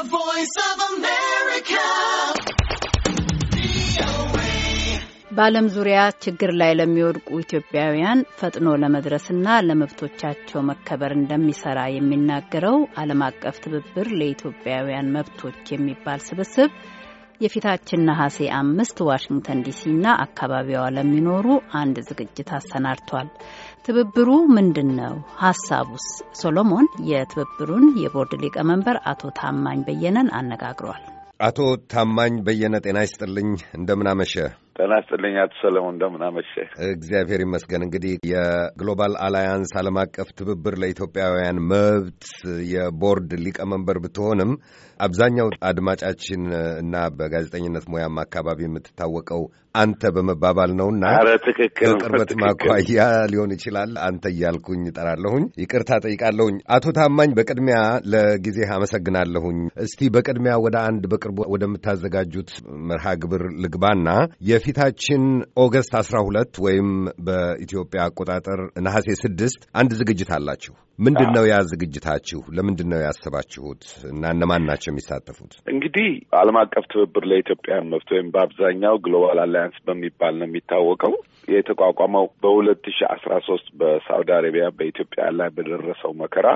The Voice of America. በዓለም ዙሪያ ችግር ላይ ለሚወድቁ ኢትዮጵያውያን ፈጥኖ ለመድረስና ለመብቶቻቸው መከበር እንደሚሰራ የሚናገረው ዓለም አቀፍ ትብብር ለኢትዮጵያውያን መብቶች የሚባል ስብስብ የፊታችን ነሐሴ አምስት ዋሽንግተን ዲሲና አካባቢዋ ለሚኖሩ አንድ ዝግጅት አሰናድቷል። ትብብሩ ምንድን ነው? ሀሳቡስ? ሶሎሞን የትብብሩን የቦርድ ሊቀመንበር አቶ ታማኝ በየነን አነጋግሯል። አቶ ታማኝ በየነ ጤና ይስጥልኝ፣ እንደምናመሸ ጤና ይስጥልኝ አቶ ሰለሞን እንደምናመሸ። እግዚአብሔር ይመስገን። እንግዲህ የግሎባል አላያንስ ዓለም አቀፍ ትብብር ለኢትዮጵያውያን መብት የቦርድ ሊቀመንበር ብትሆንም አብዛኛው አድማጫችን እና በጋዜጠኝነት ሙያም አካባቢ የምትታወቀው አንተ በመባባል ነውና ትክክል ማኳያ ሊሆን ይችላል አንተ እያልኩኝ እጠራለሁኝ። ይቅርታ ጠይቃለሁኝ። አቶ ታማኝ በቅድሚያ ለጊዜ አመሰግናለሁኝ። እስቲ በቅድሚያ ወደ አንድ በቅርቡ ወደምታዘጋጁት መርሃ ግብር ልግባና የፊታችን ኦገስት አስራ ሁለት ወይም በኢትዮጵያ አቆጣጠር ነሐሴ ስድስት አንድ ዝግጅት አላችሁ። ምንድን ነው ያ ዝግጅታችሁ? ለምንድን ነው ያሰባችሁት እና እነማን ናቸው የሚሳተፉት? እንግዲህ ዓለም አቀፍ ትብብር ለኢትዮጵያን መብት ወይም በአብዛኛው ግሎባል አላያንስ አላያንስ በሚባል ነው የሚታወቀው። የተቋቋመው በሁለት ሺ አስራ ሶስት በሳውዲ አረቢያ በኢትዮጵያ ላይ በደረሰው መከራ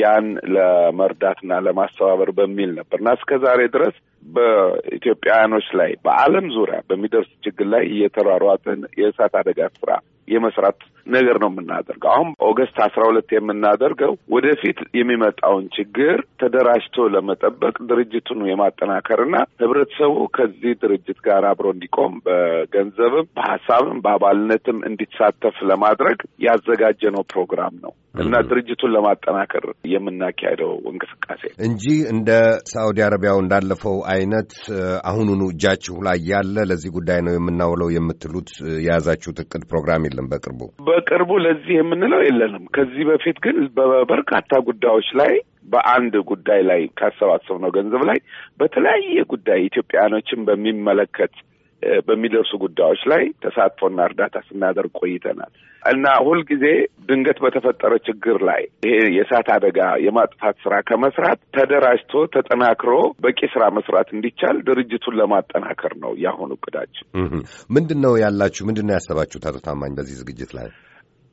ያን ለመርዳትና ለማስተባበር በሚል ነበር እና እስከ ዛሬ ድረስ በኢትዮጵያውያኖች ላይ በዓለም ዙሪያ በሚደርስ ችግር ላይ እየተሯሯጥን የእሳት አደጋ ስራ የመስራት ነገር ነው የምናደርገው። አሁን ኦገስት አስራ ሁለት የምናደርገው ወደፊት የሚመጣውን ችግር ተደራጅቶ ለመጠበቅ ድርጅቱን የማጠናከርና ህብረተሰቡ ከዚህ ድርጅት ጋር አብሮ እንዲቆም በገንዘብም በሀሳብም በአባልነትም እንዲሳተፍ ለማድረግ ያዘጋጀነው ፕሮግራም ነው እና ድርጅቱን ለማጠናከር የምናካሄደው እንቅስቃሴ እንጂ እንደ ሳዑዲ አረቢያው እንዳለፈው አይነት አሁኑኑ እጃችሁ ላይ ያለ ለዚህ ጉዳይ ነው የምናውለው የምትሉት የያዛችሁት እቅድ ፕሮግራም የለም? በቅርቡ በቅርቡ ለዚህ የምንለው የለንም። ከዚህ በፊት ግን በበርካታ ጉዳዮች ላይ በአንድ ጉዳይ ላይ ካሰባሰብነው ገንዘብ ላይ በተለያየ ጉዳይ ኢትዮጵያኖችን በሚመለከት በሚደርሱ ጉዳዮች ላይ ተሳትፎና እርዳታ ስናደርግ ቆይተናል እና ሁልጊዜ ድንገት በተፈጠረ ችግር ላይ ይሄ የእሳት አደጋ የማጥፋት ስራ ከመስራት ተደራጅቶ ተጠናክሮ በቂ ስራ መስራት እንዲቻል ድርጅቱን ለማጠናከር ነው የአሁኑ እቅዳችን። ምንድን ነው ያላችሁ? ምንድን ነው ያሰባችሁት? አቶ ታማኝ በዚህ ዝግጅት ላይ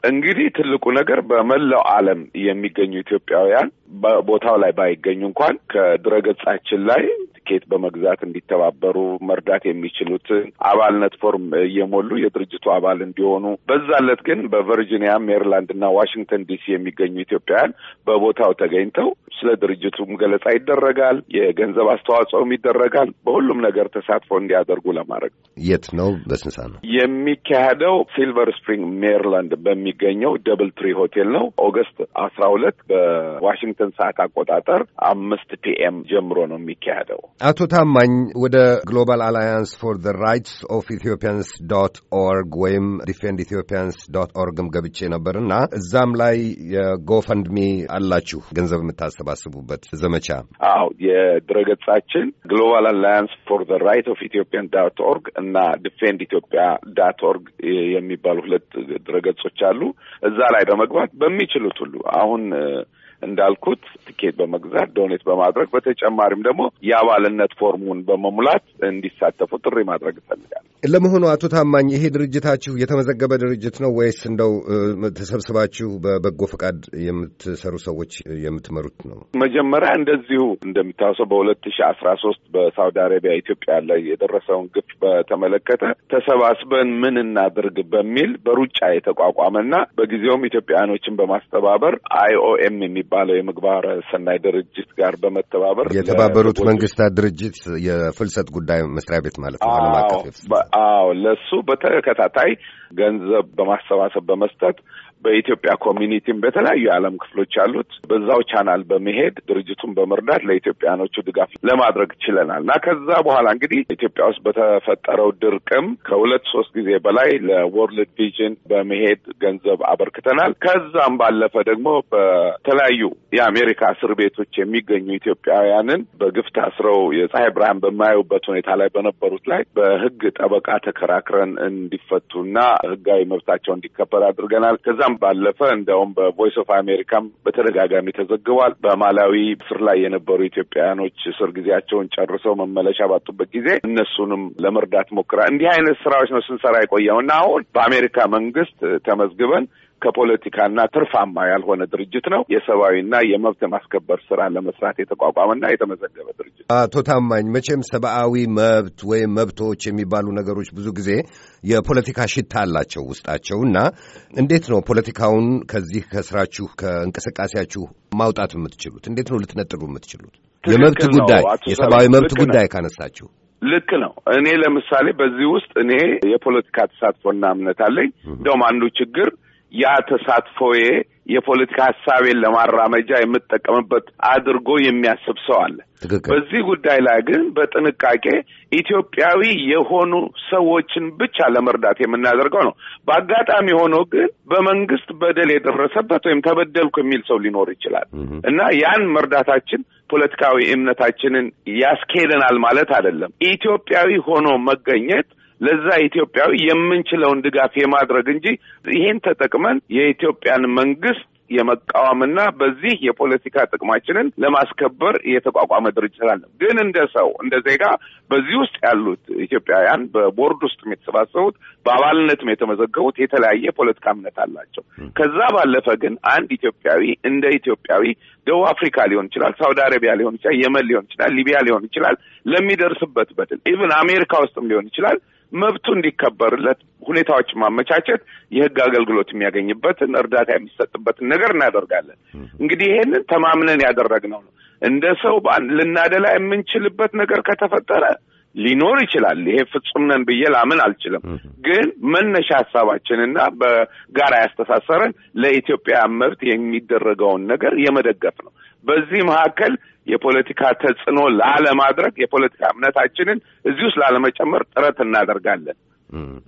እንግዲህ ትልቁ ነገር በመላው ዓለም የሚገኙ ኢትዮጵያውያን በቦታው ላይ ባይገኙ እንኳን ከድረገጻችን ላይ ኬት በመግዛት እንዲተባበሩ መርዳት የሚችሉትን አባልነት ፎርም እየሞሉ የድርጅቱ አባል እንዲሆኑ በዛለት ግን በቨርጂኒያ፣ ሜሪላንድ እና ዋሽንግተን ዲሲ የሚገኙ ኢትዮጵያውያን በቦታው ተገኝተው ስለ ድርጅቱም ገለጻ ይደረጋል፣ የገንዘብ አስተዋጽኦም ይደረጋል። በሁሉም ነገር ተሳትፎ እንዲያደርጉ ለማድረግ የት ነው በስንሳ ነው የሚካሄደው? ሲልቨር ስፕሪንግ ሜሪላንድ በሚ የሚገኘው ደብል ትሪ ሆቴል ነው። ኦገስት አስራ ሁለት በዋሽንግተን ሰዓት አቆጣጠር አምስት ፒኤም ጀምሮ ነው የሚካሄደው። አቶ ታማኝ ወደ ግሎባል አላያንስ ፎር ዘ ራይትስ ኦፍ ኢትዮጵያንስ ዶት ኦርግ ወይም ዲፌንድ ኢትዮጵያንስ ዶት ኦርግም ገብቼ ነበር እና እዛም ላይ የጎፈንድሚ አላችሁ ገንዘብ የምታሰባስቡበት ዘመቻ? አዎ የድረገጻችን ግሎባል አላያንስ ፎር ዘ ራይት ኦፍ ኢትዮጵያን ዳት ኦርግ እና ዲፌንድ ኢትዮጵያ ዳት ኦርግ የሚባሉ ሁለት ድረገጾች አሉ። ይችላሉ። እዛ ላይ በመግባት በሚችሉት ሁሉ አሁን እንዳልኩት ትኬት በመግዛት ዶኔት በማድረግ በተጨማሪም ደግሞ የአባልነት ፎርሙን በመሙላት እንዲሳተፉ ጥሪ ማድረግ ይፈልጋል። ለመሆኑ አቶ ታማኝ ይሄ ድርጅታችሁ የተመዘገበ ድርጅት ነው ወይስ እንደው ተሰብስባችሁ በበጎ ፈቃድ የምትሰሩ ሰዎች የምትመሩት ነው? መጀመሪያ እንደዚሁ እንደሚታወሰው በሁለት ሺ አስራ ሶስት በሳውዲ አረቢያ ኢትዮጵያ ላይ የደረሰውን ግፍ በተመለከተ ተሰባስበን ምን እናድርግ በሚል በሩጫ የተቋቋመና በጊዜውም ኢትዮጵያውያኖችን በማስተባበር አይኦኤም የሚ ከሚባለው የምግባረ ሰናይ ድርጅት ጋር በመተባበር የተባበሩት መንግስታት ድርጅት የፍልሰት ጉዳይ መስሪያ ቤት ማለት ነው። አቀፍ አዎ፣ ለሱ በተከታታይ ገንዘብ በማሰባሰብ በመስጠት በኢትዮጵያ ኮሚኒቲም በተለያዩ የዓለም ክፍሎች ያሉት በዛው ቻናል በመሄድ ድርጅቱን በመርዳት ለኢትዮጵያኖቹ ድጋፍ ለማድረግ ችለናል እና ከዛ በኋላ እንግዲህ ኢትዮጵያ ውስጥ በተፈጠረው ድርቅም ከሁለት ሶስት ጊዜ በላይ ለወርልድ ቪዥን በመሄድ ገንዘብ አበርክተናል። ከዛም ባለፈ ደግሞ በተለያዩ የአሜሪካ እስር ቤቶች የሚገኙ ኢትዮጵያውያንን በግፍ ታስረው የፀሐይ ብርሃን በማያዩበት ሁኔታ ላይ በነበሩት ላይ በሕግ ጠበቃ ተከራክረን እንዲፈቱና ህጋዊ መብታቸው እንዲከበር አድርገናል። ከዛም ባለፈ እንዲያውም በቮይስ ኦፍ አሜሪካም በተደጋጋሚ ተዘግቧል። በማላዊ እስር ላይ የነበሩ ኢትዮጵያውያኖች እስር ጊዜያቸውን ጨርሰው መመለሻ ባጡበት ጊዜ እነሱንም ለመርዳት ሞክራል። እንዲህ አይነት ስራዎች ነው ስንሰራ የቆየው እና አሁን በአሜሪካ መንግስት ተመዝግበን ከፖለቲካና ትርፋማ ያልሆነ ድርጅት ነው። የሰብአዊና የመብት ማስከበር ስራ ለመስራት የተቋቋመና የተመዘገበ ድርጅት። አቶ ታማኝ፣ መቼም ሰብአዊ መብት ወይም መብቶች የሚባሉ ነገሮች ብዙ ጊዜ የፖለቲካ ሽታ አላቸው ውስጣቸው እና እንዴት ነው ፖለቲካውን ከዚህ ከስራችሁ ከእንቅስቃሴያችሁ ማውጣት የምትችሉት? እንዴት ነው ልትነጥሉ የምትችሉት? የመብት ጉዳይ የሰብአዊ መብት ጉዳይ ካነሳችሁ ልክ ነው። እኔ ለምሳሌ በዚህ ውስጥ እኔ የፖለቲካ ተሳትፎና እምነት አለኝ። እንደውም አንዱ ችግር ያ ተሳትፎዬ የፖለቲካ ሀሳቤን ለማራመጃ የምጠቀምበት አድርጎ የሚያስብ ሰው አለ። በዚህ ጉዳይ ላይ ግን በጥንቃቄ ኢትዮጵያዊ የሆኑ ሰዎችን ብቻ ለመርዳት የምናደርገው ነው። በአጋጣሚ ሆኖ ግን በመንግስት በደል የደረሰበት ወይም ተበደልኩ የሚል ሰው ሊኖር ይችላል እና ያን መርዳታችን ፖለቲካዊ እምነታችንን ያስኬደናል ማለት አይደለም። ኢትዮጵያዊ ሆኖ መገኘት ለዛ ኢትዮጵያዊ የምንችለውን ድጋፍ የማድረግ እንጂ ይህን ተጠቅመን የኢትዮጵያን መንግስት የመቃወምና በዚህ የፖለቲካ ጥቅማችንን ለማስከበር የተቋቋመ ድርጅት አለ። ግን እንደ ሰው እንደ ዜጋ በዚህ ውስጥ ያሉት ኢትዮጵያውያን በቦርድ ውስጥ የተሰባሰቡት በአባልነትም የተመዘገቡት የተለያየ ፖለቲካ እምነት አላቸው። ከዛ ባለፈ ግን አንድ ኢትዮጵያዊ እንደ ኢትዮጵያዊ ደቡብ አፍሪካ ሊሆን ይችላል፣ ሳውዲ አረቢያ ሊሆን ይችላል፣ የመን ሊሆን ይችላል፣ ሊቢያ ሊሆን ይችላል፣ ለሚደርስበት በድል ኢቭን አሜሪካ ውስጥም ሊሆን ይችላል መብቱ እንዲከበርለት ሁኔታዎች ማመቻቸት፣ የህግ አገልግሎት የሚያገኝበትን እርዳታ የሚሰጥበትን ነገር እናደርጋለን። እንግዲህ ይሄንን ተማምነን ያደረግነው ነው። እንደ ሰው ልናደላ የምንችልበት ነገር ከተፈጠረ ሊኖር ይችላል። ይሄ ፍጹም ነን ብዬ ላምን አልችልም። ግን መነሻ ሀሳባችንና በጋራ ያስተሳሰረን ለኢትዮጵያ መብት የሚደረገውን ነገር የመደገፍ ነው። በዚህ መካከል የፖለቲካ ተጽዕኖ ላለማድረግ የፖለቲካ እምነታችንን እዚህ ውስጥ ላለመጨመር ጥረት እናደርጋለን።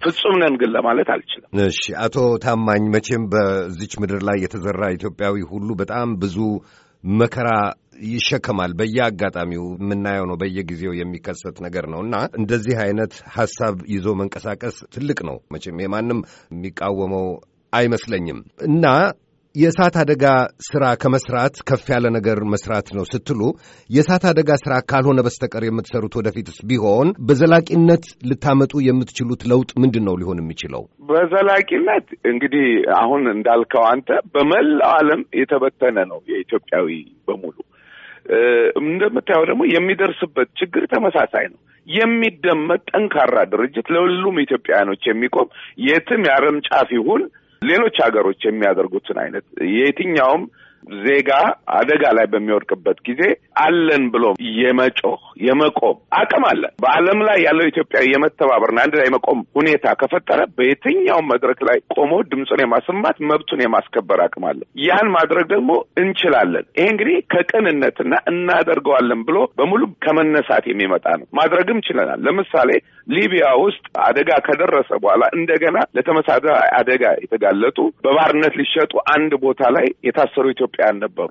ፍጹም ነን ግን ለማለት አልችልም። እሺ፣ አቶ ታማኝ መቼም በዚች ምድር ላይ የተዘራ ኢትዮጵያዊ ሁሉ በጣም ብዙ መከራ ይሸከማል። በየአጋጣሚው የምናየው ነው፣ በየጊዜው የሚከሰት ነገር ነው እና እንደዚህ አይነት ሀሳብ ይዞ መንቀሳቀስ ትልቅ ነው መቼም የማንም የሚቃወመው አይመስለኝም እና የእሳት አደጋ ስራ ከመስራት ከፍ ያለ ነገር መስራት ነው ስትሉ የእሳት አደጋ ስራ ካልሆነ በስተቀር የምትሰሩት ወደፊትስ ቢሆን በዘላቂነት ልታመጡ የምትችሉት ለውጥ ምንድን ነው ሊሆን የሚችለው? በዘላቂነት እንግዲህ አሁን እንዳልከው አንተ በመላው ዓለም የተበተነ ነው የኢትዮጵያዊ በሙሉ እንደምታየው ደግሞ የሚደርስበት ችግር ተመሳሳይ ነው። የሚደመጥ ጠንካራ ድርጅት ለሁሉም ኢትዮጵያውያኖች የሚቆም የትም የአረም ጫፍ ይሁን ሌሎች ሀገሮች የሚያደርጉትን አይነት የትኛውም ዜጋ አደጋ ላይ በሚወድቅበት ጊዜ አለን ብሎ የመጮህ የመቆም አቅም አለን። በዓለም ላይ ያለው ኢትዮጵያ የመተባበርና አንድ ላይ የመቆም ሁኔታ ከፈጠረ በየትኛውም መድረክ ላይ ቆሞ ድምፁን የማሰማት መብቱን የማስከበር አቅም አለን። ያን ማድረግ ደግሞ እንችላለን። ይሄ እንግዲህ ከቅንነትና እናደርገዋለን ብሎ በሙሉ ከመነሳት የሚመጣ ነው። ማድረግም ችለናል። ለምሳሌ ሊቢያ ውስጥ አደጋ ከደረሰ በኋላ እንደገና ለተመሳሳይ አደጋ የተጋለጡ በባርነት ሊሸጡ አንድ ቦታ ላይ የታሰሩ ኢትዮ ኢትዮጵያን ነበሩ።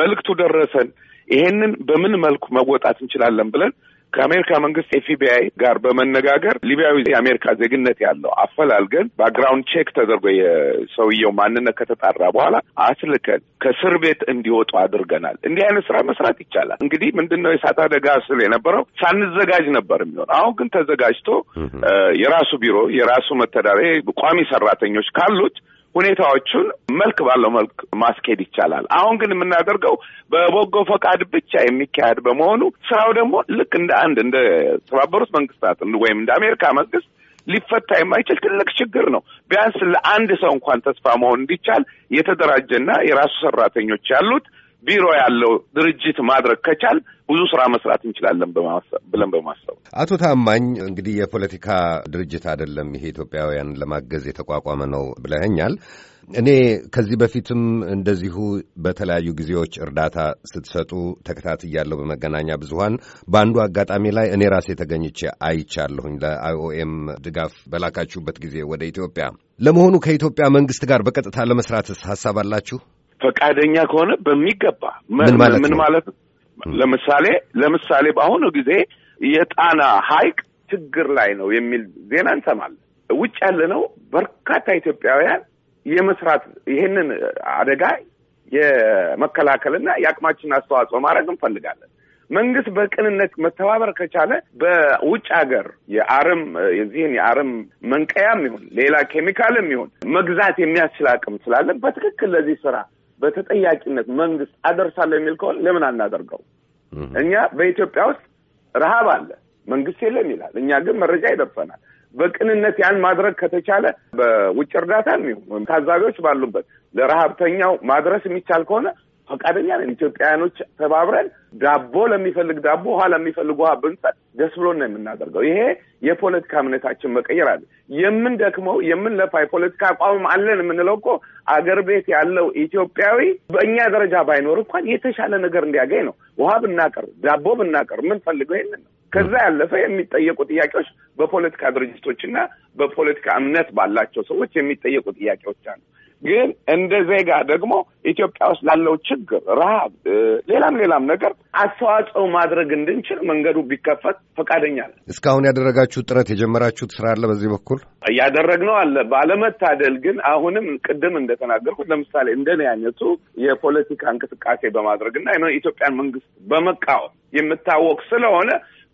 መልእክቱ ደረሰን። ይሄንን በምን መልኩ መወጣት እንችላለን ብለን ከአሜሪካ መንግስት ኤፍቢአይ ጋር በመነጋገር ሊቢያዊ የአሜሪካ ዜግነት ያለው አፈላልገን ባክግራውንድ ቼክ ተደርጎ የሰውየው ማንነት ከተጣራ በኋላ አስልከን ከእስር ቤት እንዲወጡ አድርገናል። እንዲህ አይነት ስራ መስራት ይቻላል። እንግዲህ ምንድን ነው የእሳት አደጋ ስል የነበረው ሳንዘጋጅ ነበር የሚሆን። አሁን ግን ተዘጋጅቶ የራሱ ቢሮ የራሱ መተዳደሪያ ቋሚ ሰራተኞች ካሉት ሁኔታዎቹን መልክ ባለው መልክ ማስኬድ ይቻላል። አሁን ግን የምናደርገው በበጎ ፈቃድ ብቻ የሚካሄድ በመሆኑ ስራው ደግሞ ልክ እንደ አንድ እንደ ተባበሩት መንግስታት ወይም እንደ አሜሪካ መንግስት ሊፈታ የማይችል ትልቅ ችግር ነው። ቢያንስ ለአንድ ሰው እንኳን ተስፋ መሆን እንዲቻል የተደራጀና የራሱ ሰራተኞች ያሉት ቢሮ ያለው ድርጅት ማድረግ ከቻል ብዙ ስራ መስራት እንችላለን ብለን በማሰብ አቶ ታማኝ እንግዲህ የፖለቲካ ድርጅት አይደለም ይሄ ኢትዮጵያውያን ለማገዝ የተቋቋመ ነው ብለኸኛል። እኔ ከዚህ በፊትም እንደዚሁ በተለያዩ ጊዜዎች እርዳታ ስትሰጡ ተከታትያለሁ በመገናኛ ብዙኃን። በአንዱ አጋጣሚ ላይ እኔ ራሴ ተገኝቼ አይቻለሁኝ ለአይኦኤም ድጋፍ በላካችሁበት ጊዜ ወደ ኢትዮጵያ። ለመሆኑ ከኢትዮጵያ መንግስት ጋር በቀጥታ ለመስራትስ ሀሳብ አላችሁ? ፈቃደኛ ከሆነ በሚገባ ምን ማለት ነው? ለምሳሌ ለምሳሌ በአሁኑ ጊዜ የጣና ሐይቅ ችግር ላይ ነው የሚል ዜና እንሰማለን። ውጭ ያለነው በርካታ ኢትዮጵያውያን የመስራት ይህንን አደጋ የመከላከልና የአቅማችን አስተዋጽኦ ማድረግ እንፈልጋለን። መንግስት በቅንነት መተባበር ከቻለ በውጭ ሀገር የአረም የዚህን የአረም መንቀያም ይሁን ሌላ ኬሚካልም ይሁን መግዛት የሚያስችል አቅም ስላለን በትክክል ለዚህ ስራ በተጠያቂነት መንግስት አደርሳለሁ የሚል ከሆነ ለምን አናደርገው? እኛ በኢትዮጵያ ውስጥ ረሃብ አለ፣ መንግስት የለም ይላል። እኛ ግን መረጃ ይደርሰናል። በቅንነት ያን ማድረግ ከተቻለ በውጭ እርዳታ የሚሆን ታዛቢዎች ባሉበት ለረሃብተኛው ማድረስ የሚቻል ከሆነ ፈቃደኛ ነን። ኢትዮጵያውያኖች ተባብረን ዳቦ ለሚፈልግ ዳቦ፣ ውሃ ለሚፈልግ ውሃ ብንሰጥ ደስ ብሎን ነው የምናደርገው። ይሄ የፖለቲካ እምነታችን መቀየር አለ። የምንደክመው የምንለፋ የፖለቲካ አቋምም አለን የምንለው እኮ አገር ቤት ያለው ኢትዮጵያዊ በእኛ ደረጃ ባይኖር እንኳን የተሻለ ነገር እንዲያገኝ ነው። ውሃ ብናቀር ዳቦ ብናቀር የምንፈልገው ይህንን ነው። ከዛ ያለፈ የሚጠየቁ ጥያቄዎች በፖለቲካ ድርጅቶችና በፖለቲካ እምነት ባላቸው ሰዎች የሚጠየቁ ጥያቄዎች አሉ። ግን እንደ ዜጋ ደግሞ ኢትዮጵያ ውስጥ ላለው ችግር፣ ረሃብ፣ ሌላም ሌላም ነገር አስተዋጽኦ ማድረግ እንድንችል መንገዱ ቢከፈት ፈቃደኛ ነን። እስካሁን ያደረጋችሁ ጥረት የጀመራችሁት ስራ አለ በዚህ በኩል እያደረግነው አለ። ባለመታደል ግን አሁንም ቅድም እንደተናገርኩት ለምሳሌ እንደኔ አይነቱ የፖለቲካ እንቅስቃሴ በማድረግ እና ኢትዮጵያን መንግስት በመቃወም የምታወቅ ስለሆነ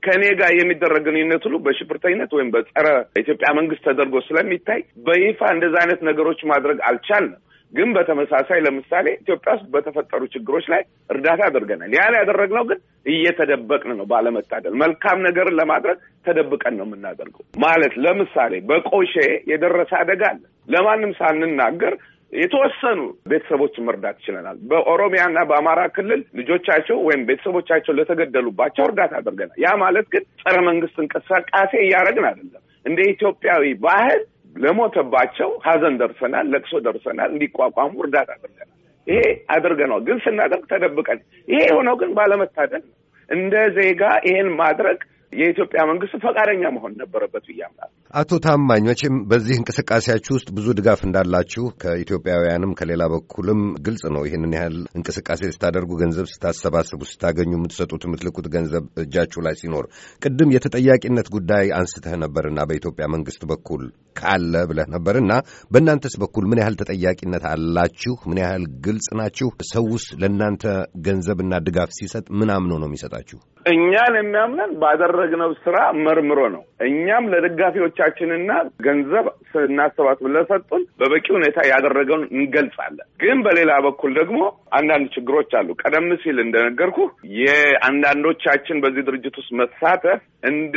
ከእኔ ጋር የሚደረግ ግንኙነት ሁሉ በሽብርተኝነት ወይም በጸረ ኢትዮጵያ መንግስት ተደርጎ ስለሚታይ በይፋ እንደዛ አይነት ነገሮች ማድረግ አልቻልንም። ግን በተመሳሳይ ለምሳሌ ኢትዮጵያ ውስጥ በተፈጠሩ ችግሮች ላይ እርዳታ አድርገናል። ያን ያደረግነው ግን እየተደበቅን ነው። ባለመታደል መልካም ነገርን ለማድረግ ተደብቀን ነው የምናደርገው። ማለት ለምሳሌ በቆሼ የደረሰ አደጋ አለ። ለማንም ሳንናገር የተወሰኑ ቤተሰቦችን መርዳት ችለናል። በኦሮሚያና በአማራ ክልል ልጆቻቸው ወይም ቤተሰቦቻቸው ለተገደሉባቸው እርዳታ አድርገናል። ያ ማለት ግን ጸረ መንግስት እንቅስቃሴ እያደረግን አይደለም። እንደ ኢትዮጵያዊ ባህል ለሞተባቸው ሀዘን ደርሰናል፣ ለቅሶ ደርሰናል፣ እንዲቋቋሙ እርዳታ አድርገናል። ይሄ አድርገነው ግን ስናደርግ ተደብቀን፣ ይሄ የሆነው ግን ባለመታደል ነው። እንደ ዜጋ ይሄን ማድረግ የኢትዮጵያ መንግስት ፈቃደኛ መሆን ነበረበት ብዬ አምናለሁ። አቶ ታማኝ መቼም በዚህ እንቅስቃሴያችሁ ውስጥ ብዙ ድጋፍ እንዳላችሁ ከኢትዮጵያውያንም ከሌላ በኩልም ግልጽ ነው። ይህንን ያህል እንቅስቃሴ ስታደርጉ፣ ገንዘብ ስታሰባስቡ፣ ስታገኙ፣ የምትሰጡት የምትልኩት ገንዘብ እጃችሁ ላይ ሲኖር፣ ቅድም የተጠያቂነት ጉዳይ አንስተህ ነበርና በኢትዮጵያ መንግስት በኩል ካለ ብለህ ነበርና በእናንተስ በኩል ምን ያህል ተጠያቂነት አላችሁ? ምን ያህል ግልጽ ናችሁ? ሰውስ ለእናንተ ገንዘብና ድጋፍ ሲሰጥ ምን አምኖ ነው የሚሰጣችሁ? እኛን የሚያምነን ባደረ ያደረግነው ስራ መርምሮ ነው። እኛም ለደጋፊዎቻችንና ገንዘብ ስናሰባስብ ለሰጡን በበቂ ሁኔታ ያደረገውን እንገልጻለን። ግን በሌላ በኩል ደግሞ አንዳንድ ችግሮች አሉ። ቀደም ሲል እንደነገርኩ የአንዳንዶቻችን በዚህ ድርጅት ውስጥ መሳተፍ እንደ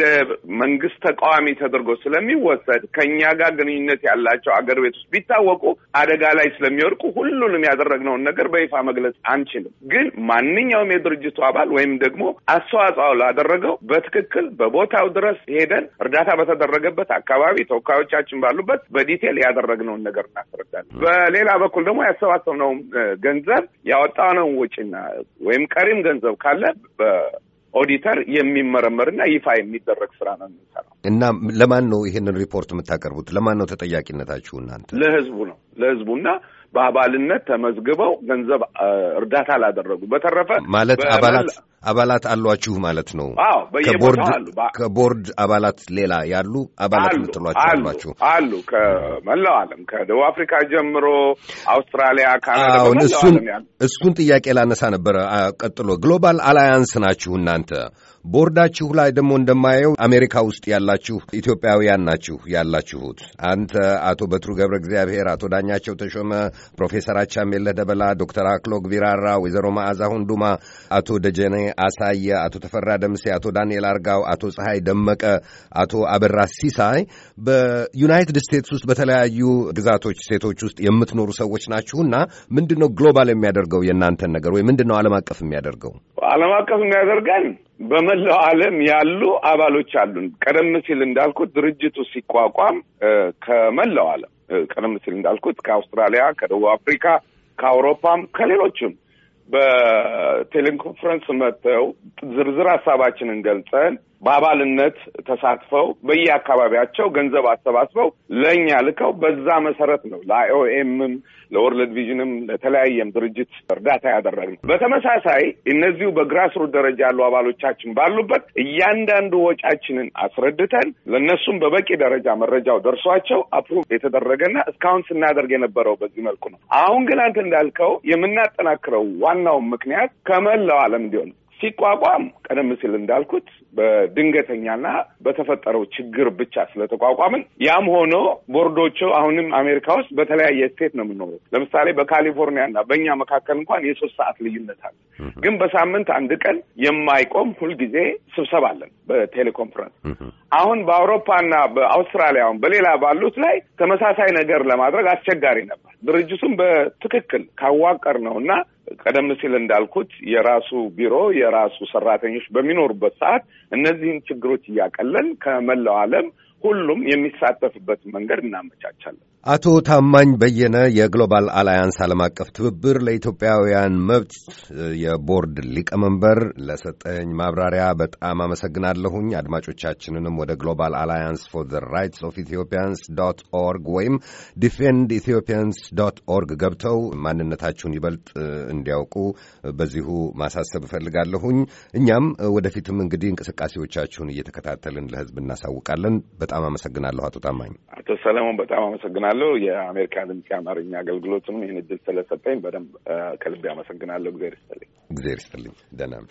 መንግስት ተቃዋሚ ተደርጎ ስለሚወሰድ ከእኛ ጋር ግንኙነት ያላቸው አገር ቤት ውስጥ ቢታወቁ አደጋ ላይ ስለሚወድቁ ሁሉንም ያደረግነውን ነገር በይፋ መግለጽ አንችልም። ግን ማንኛውም የድርጅቱ አባል ወይም ደግሞ አስተዋጽኦ ላደረገው በትክክል በትክክል በቦታው ድረስ ሄደን እርዳታ በተደረገበት አካባቢ ተወካዮቻችን ባሉበት በዲቴል ያደረግነውን ነገር እናስረዳለን። በሌላ በኩል ደግሞ ያሰባሰብነውም ገንዘብ ያወጣነውን ወጪና ወይም ቀሪም ገንዘብ ካለ በኦዲተር የሚመረመርና ይፋ የሚደረግ ስራ ነው የምንሰራው። እና ለማን ነው ይህንን ሪፖርት የምታቀርቡት? ለማን ነው ተጠያቂነታችሁ እናንተ? ለህዝቡ ነው ለህዝቡና በአባልነት ተመዝግበው ገንዘብ እርዳታ ላደረጉ በተረፈ ማለት አባላት አባላት አሏችሁ ማለት ነው? ከቦርድ አባላት ሌላ ያሉ አባላት ምትሏቸው አሏችሁ? አሉ። ከመላው ዓለም ከደቡብ አፍሪካ ጀምሮ አውስትራሊያ፣ ካናዳ እሱን እሱን ጥያቄ ላነሳ ነበረ። ቀጥሎ ግሎባል አላያንስ ናችሁ እናንተ። ቦርዳችሁ ላይ ደግሞ እንደማየው አሜሪካ ውስጥ ያላችሁ ኢትዮጵያውያን ናችሁ ያላችሁት። አንተ አቶ በትሩ ገብረ እግዚአብሔር፣ አቶ ዳኛቸው ተሾመ፣ ፕሮፌሰር አቻምየለህ ደበላ፣ ዶክተር አክሎግ ቢራራ፣ ወይዘሮ መዓዛ ሁንዱማ፣ አቶ ደጀኔ አሳየ፣ አቶ ተፈራ ደምሴ፣ አቶ ዳንኤል አርጋው፣ አቶ ፀሐይ ደመቀ፣ አቶ አበራ ሲሳይ በዩናይትድ ስቴትስ ውስጥ በተለያዩ ግዛቶች ሴቶች ውስጥ የምትኖሩ ሰዎች ናችሁና ምንድን ነው ግሎባል የሚያደርገው የእናንተን ነገር ወይ ምንድን ነው ዓለም አቀፍ የሚያደርገው? ዓለም አቀፍ የሚያደርገን በመላው ዓለም ያሉ አባሎች አሉን። ቀደም ሲል እንዳልኩት ድርጅቱ ሲቋቋም ከመላው ዓለም ቀደም ሲል እንዳልኩት ከአውስትራሊያ፣ ከደቡብ አፍሪካ፣ ከአውሮፓም ከሌሎችም በቴሌኮንፈረንስ መጥተው ዝርዝር ሀሳባችንን ገልጸን በአባልነት ተሳትፈው በየአካባቢያቸው ገንዘብ አሰባስበው ለእኛ ልከው በዛ መሰረት ነው ለአይኦኤምም ለወርልድ ቪዥንም ለተለያየም ድርጅት እርዳታ ያደረግነው። በተመሳሳይ እነዚሁ በግራስሩት ደረጃ ያሉ አባሎቻችን ባሉበት እያንዳንዱ ወጫችንን አስረድተን ለእነሱም በበቂ ደረጃ መረጃው ደርሷቸው አፕሩቭ የተደረገና እስካሁን ስናደርግ የነበረው በዚህ መልኩ ነው። አሁን ግን አንተ እንዳልከው የምናጠናክረው ዋናውን ምክንያት ከመላው ዓለም እንዲሆን ሲቋቋም ቀደም ሲል እንዳልኩት በድንገተኛና በተፈጠረው ችግር ብቻ ስለተቋቋምን፣ ያም ሆኖ ቦርዶቹ አሁንም አሜሪካ ውስጥ በተለያየ ስቴት ነው የምኖሩት። ለምሳሌ በካሊፎርኒያና በእኛ መካከል እንኳን የሶስት ሰዓት ልዩነት አለ። ግን በሳምንት አንድ ቀን የማይቆም ሁልጊዜ ስብሰባ አለን በቴሌኮንፈረንስ። አሁን በአውሮፓና በአውስትራሊያውን በሌላ ባሉት ላይ ተመሳሳይ ነገር ለማድረግ አስቸጋሪ ነበር። ድርጅቱም በትክክል ካዋቀር ነው እና ቀደም ሲል እንዳልኩት የራሱ ቢሮ የራሱ ሰራተኞች በሚኖሩበት ሰዓት እነዚህን ችግሮች እያቀለን ከመላው ዓለም ሁሉም የሚሳተፍበት መንገድ እናመቻቻለን። አቶ ታማኝ በየነ የግሎባል አላያንስ ዓለም አቀፍ ትብብር ለኢትዮጵያውያን መብት የቦርድ ሊቀመንበር ለሰጠኝ ማብራሪያ በጣም አመሰግናለሁኝ። አድማጮቻችንንም ወደ ግሎባል አላያንስ ፎር ዘ ራይትስ ኦፍ ኢትዮጵያንስ ዶት ኦርግ ወይም ዲፌንድ ኢትዮጵያንስ ዶት ኦርግ ገብተው ማንነታችሁን ይበልጥ እንዲያውቁ በዚሁ ማሳሰብ እፈልጋለሁኝ። እኛም ወደፊትም እንግዲህ እንቅስቃሴዎቻችሁን እየተከታተልን ለህዝብ እናሳውቃለን። በጣም አመሰግናለሁ አቶ ታማኝ። አቶ ሰለሞን በጣም አመሰግናለሁ። አመሰግናለሁ። የአሜሪካ ድምፅ የአማርኛ አገልግሎትንም ይህን እድል ስለሰጠኝ በደንብ ከልቤ አመሰግናለሁ። እግዜር ይስጥልኝ። እግዜር ይስጥልኝ። ደህና